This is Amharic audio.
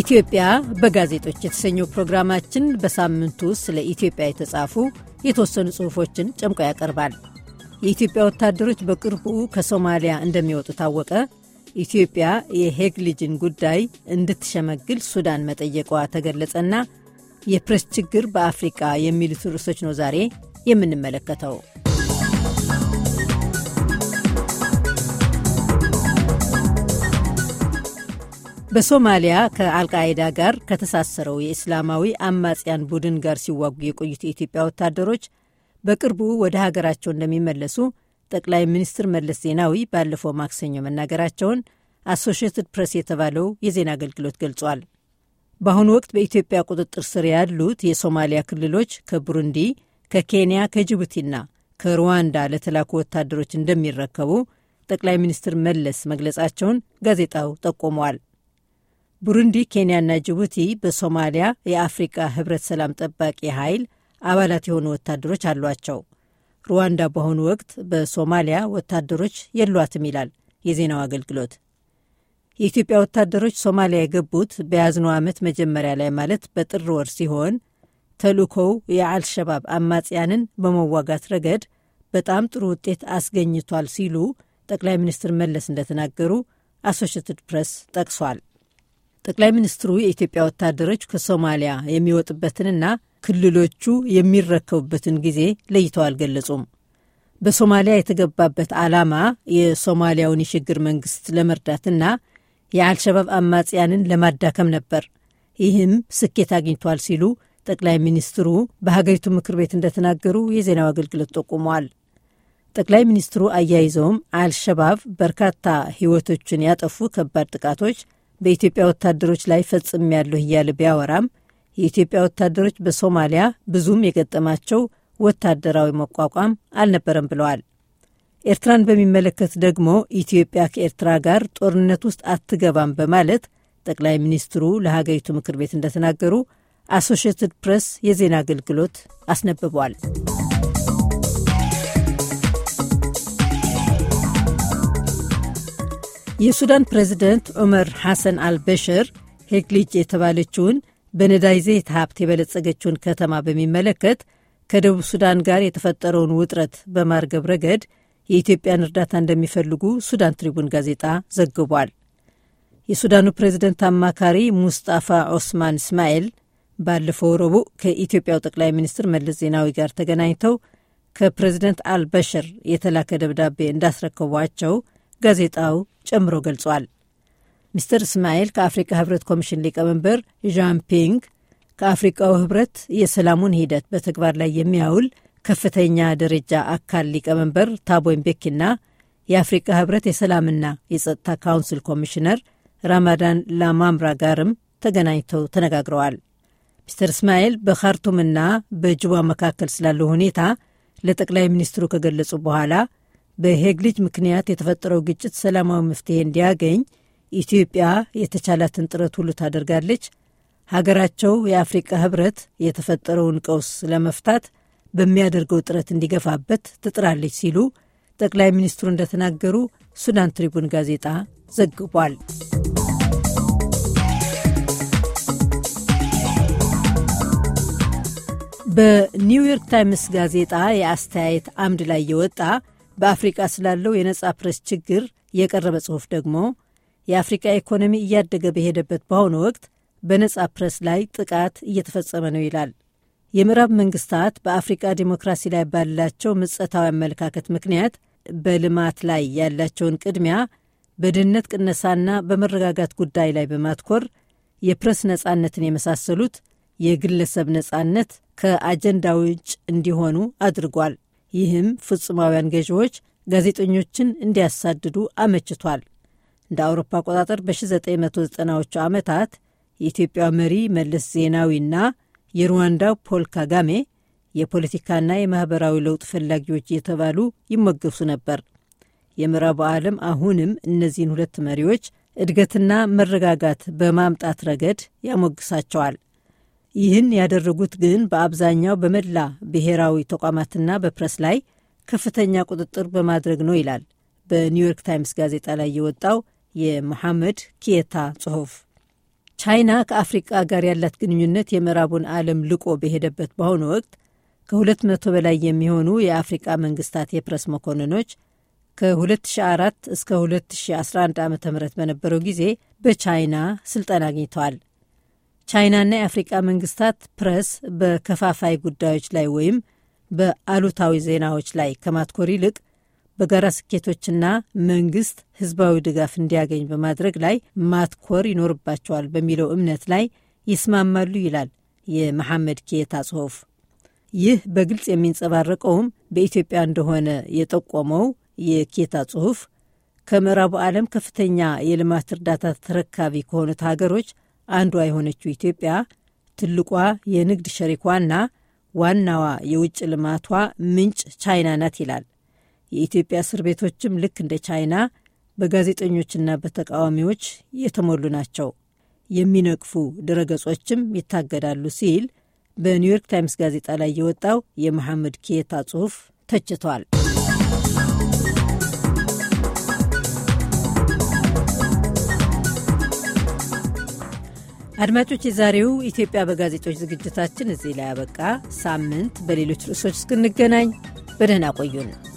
ኢትዮጵያ በጋዜጦች የተሰኘው ፕሮግራማችን በሳምንቱ ውስጥ ስለ ኢትዮጵያ የተጻፉ የተወሰኑ ጽሑፎችን ጨምቆ ያቀርባል። የኢትዮጵያ ወታደሮች በቅርቡ ከሶማሊያ እንደሚወጡ ታወቀ፣ ኢትዮጵያ የሄግ ልጅን ጉዳይ እንድትሸመግል ሱዳን መጠየቋ ተገለጸና የፕሬስ ችግር በአፍሪቃ የሚሉት ርዕሶች ነው ዛሬ የምንመለከተው። በሶማሊያ ከአልቃይዳ ጋር ከተሳሰረው የእስላማዊ አማጽያን ቡድን ጋር ሲዋጉ የቆዩት የኢትዮጵያ ወታደሮች በቅርቡ ወደ ሀገራቸው እንደሚመለሱ ጠቅላይ ሚኒስትር መለስ ዜናዊ ባለፈው ማክሰኞ መናገራቸውን አሶሽትድ ፕሬስ የተባለው የዜና አገልግሎት ገልጿል። በአሁኑ ወቅት በኢትዮጵያ ቁጥጥር ስር ያሉት የሶማሊያ ክልሎች ከቡሩንዲ፣ ከኬንያ፣ ከጅቡቲና ከሩዋንዳ ለተላኩ ወታደሮች እንደሚረከቡ ጠቅላይ ሚኒስትር መለስ መግለጻቸውን ጋዜጣው ጠቁመዋል። ቡሩንዲ፣ ኬንያና ጅቡቲ በሶማሊያ የአፍሪቃ ህብረት ሰላም ጠባቂ ኃይል አባላት የሆኑ ወታደሮች አሏቸው። ሩዋንዳ በአሁኑ ወቅት በሶማሊያ ወታደሮች የሏትም ይላል የዜናው አገልግሎት። የኢትዮጵያ ወታደሮች ሶማሊያ የገቡት በያዝነው ዓመት መጀመሪያ ላይ ማለት በጥር ወር ሲሆን ተልእኮው የአልሸባብ አማጽያንን በመዋጋት ረገድ በጣም ጥሩ ውጤት አስገኝቷል ሲሉ ጠቅላይ ሚኒስትር መለስ እንደተናገሩ አሶሽትድ ፕሬስ ጠቅሷል። ጠቅላይ ሚኒስትሩ የኢትዮጵያ ወታደሮች ከሶማሊያ የሚወጡበትንና ክልሎቹ የሚረከቡበትን ጊዜ ለይተው አልገለጹም። በሶማሊያ የተገባበት ዓላማ የሶማሊያውን የሽግግር መንግስት ለመርዳትና የአልሸባብ አማጽያንን ለማዳከም ነበር። ይህም ስኬት አግኝቷል ሲሉ ጠቅላይ ሚኒስትሩ በሀገሪቱ ምክር ቤት እንደተናገሩ የዜናው አገልግሎት ጠቁሟል። ጠቅላይ ሚኒስትሩ አያይዘውም አልሸባብ በርካታ ሕይወቶችን ያጠፉ ከባድ ጥቃቶች በኢትዮጵያ ወታደሮች ላይ ያለሁ እያለ ቢያወራም የኢትዮጵያ ወታደሮች በሶማሊያ ብዙም የገጠማቸው ወታደራዊ መቋቋም አልነበረም ብለዋል። ኤርትራን በሚመለከት ደግሞ ኢትዮጵያ ከኤርትራ ጋር ጦርነት ውስጥ አትገባም በማለት ጠቅላይ ሚኒስትሩ ለሀገሪቱ ምክር ቤት እንደተናገሩ አሶሽየትድ ፕሬስ የዜና አገልግሎት አስነብቧል። የሱዳን ፕሬዝደንት ዑመር ሐሰን አልበሽር ሄግሊጅ የተባለችውን በነዳጅ ዘይት ሀብት የበለጸገችውን ከተማ በሚመለከት ከደቡብ ሱዳን ጋር የተፈጠረውን ውጥረት በማርገብ ረገድ የኢትዮጵያን እርዳታ እንደሚፈልጉ ሱዳን ትሪቡን ጋዜጣ ዘግቧል። የሱዳኑ ፕሬዝደንት አማካሪ ሙስጣፋ ኦስማን እስማኤል ባለፈው ረቡዕ ከኢትዮጵያው ጠቅላይ ሚኒስትር መለስ ዜናዊ ጋር ተገናኝተው ከፕሬዝደንት አልበሽር የተላከ ደብዳቤ እንዳስረከቧቸው ጋዜጣው ጨምሮ ገልጿል። ሚስተር እስማኤል ከአፍሪካ ህብረት ኮሚሽን ሊቀመንበር ዣን ፒንግ ከአፍሪካው ህብረት የሰላሙን ሂደት በተግባር ላይ የሚያውል ከፍተኛ ደረጃ አካል ሊቀመንበር ታቦ ምቤኪና የአፍሪካ ህብረት የሰላምና የጸጥታ ካውንስል ኮሚሽነር ራማዳን ላማምራ ጋርም ተገናኝተው ተነጋግረዋል። ሚስተር እስማኤል በካርቱምና በጅባ መካከል ስላለው ሁኔታ ለጠቅላይ ሚኒስትሩ ከገለጹ በኋላ በሄግ ልጅ ምክንያት የተፈጠረው ግጭት ሰላማዊ መፍትሄ እንዲያገኝ ኢትዮጵያ የተቻላትን ጥረት ሁሉ ታደርጋለች። ሀገራቸው የአፍሪቃ ህብረት የተፈጠረውን ቀውስ ለመፍታት በሚያደርገው ጥረት እንዲገፋበት ትጥራለች ሲሉ ጠቅላይ ሚኒስትሩ እንደተናገሩ ሱዳን ትሪቡን ጋዜጣ ዘግቧል። በኒውዮርክ ታይምስ ጋዜጣ የአስተያየት አምድ ላይ የወጣ በአፍሪቃ ስላለው የነጻ ፕሬስ ችግር የቀረበ ጽሑፍ ደግሞ የአፍሪቃ ኢኮኖሚ እያደገ በሄደበት በአሁኑ ወቅት በነጻ ፕሬስ ላይ ጥቃት እየተፈጸመ ነው ይላል። የምዕራብ መንግስታት በአፍሪቃ ዲሞክራሲ ላይ ባላቸው ምጸታዊ አመለካከት ምክንያት በልማት ላይ ያላቸውን ቅድሚያ በድህነት ቅነሳና በመረጋጋት ጉዳይ ላይ በማትኮር የፕረስ ነጻነትን የመሳሰሉት የግለሰብ ነጻነት ከአጀንዳ ውጭ እንዲሆኑ አድርጓል። ይህም ፍጹማውያን ገዢዎች ጋዜጠኞችን እንዲያሳድዱ አመችቷል። እንደ አውሮፓ አቆጣጠር በ1990ዎቹ ዓመታት የኢትዮጵያ መሪ መለስ ዜናዊና የሩዋንዳው ፖል ካጋሜ የፖለቲካና የማኅበራዊ ለውጥ ፈላጊዎች እየተባሉ ይሞገሱ ነበር። የምዕራቡ ዓለም አሁንም እነዚህን ሁለት መሪዎች እድገትና መረጋጋት በማምጣት ረገድ ያሞግሳቸዋል። ይህን ያደረጉት ግን በአብዛኛው በመላ ብሔራዊ ተቋማትና በፕረስ ላይ ከፍተኛ ቁጥጥር በማድረግ ነው ይላል በኒውዮርክ ታይምስ ጋዜጣ ላይ የወጣው የመሐመድ ኪየታ ጽሑፍ። ቻይና ከአፍሪቃ ጋር ያላት ግንኙነት የምዕራቡን ዓለም ልቆ በሄደበት በአሁኑ ወቅት ከ200 በላይ የሚሆኑ የአፍሪቃ መንግስታት የፕረስ መኮንኖች ከ2004 እስከ 2011 ዓ ም በነበረው ጊዜ በቻይና ስልጠና አግኝተዋል። ቻይናና የአፍሪቃ መንግስታት ፕረስ በከፋፋይ ጉዳዮች ላይ ወይም በአሉታዊ ዜናዎች ላይ ከማትኮር ይልቅ በጋራ ስኬቶችና መንግስት ህዝባዊ ድጋፍ እንዲያገኝ በማድረግ ላይ ማትኮር ይኖርባቸዋል በሚለው እምነት ላይ ይስማማሉ ይላል የመሐመድ ኬታ ጽሑፍ። ይህ በግልጽ የሚንጸባረቀውም በኢትዮጵያ እንደሆነ የጠቆመው የኬታ ጽሑፍ ከምዕራቡ ዓለም ከፍተኛ የልማት እርዳታ ተረካቢ ከሆኑት ሀገሮች አንዷ የሆነችው ኢትዮጵያ ትልቋ የንግድ ሸሪኳና ዋናዋ የውጭ ልማቷ ምንጭ ቻይና ናት ይላል። የኢትዮጵያ እስር ቤቶችም ልክ እንደ ቻይና በጋዜጠኞችና በተቃዋሚዎች የተሞሉ ናቸው። የሚነቅፉ ድረገጾችም ይታገዳሉ ሲል በኒውዮርክ ታይምስ ጋዜጣ ላይ የወጣው የመሐመድ ኬታ ጽሑፍ ተችቷል። አድማጮች፣ የዛሬው ኢትዮጵያ በጋዜጦች ዝግጅታችን እዚህ ላይ አበቃ። ሳምንት በሌሎች ርዕሶች እስክንገናኝ በደህና ቆዩን።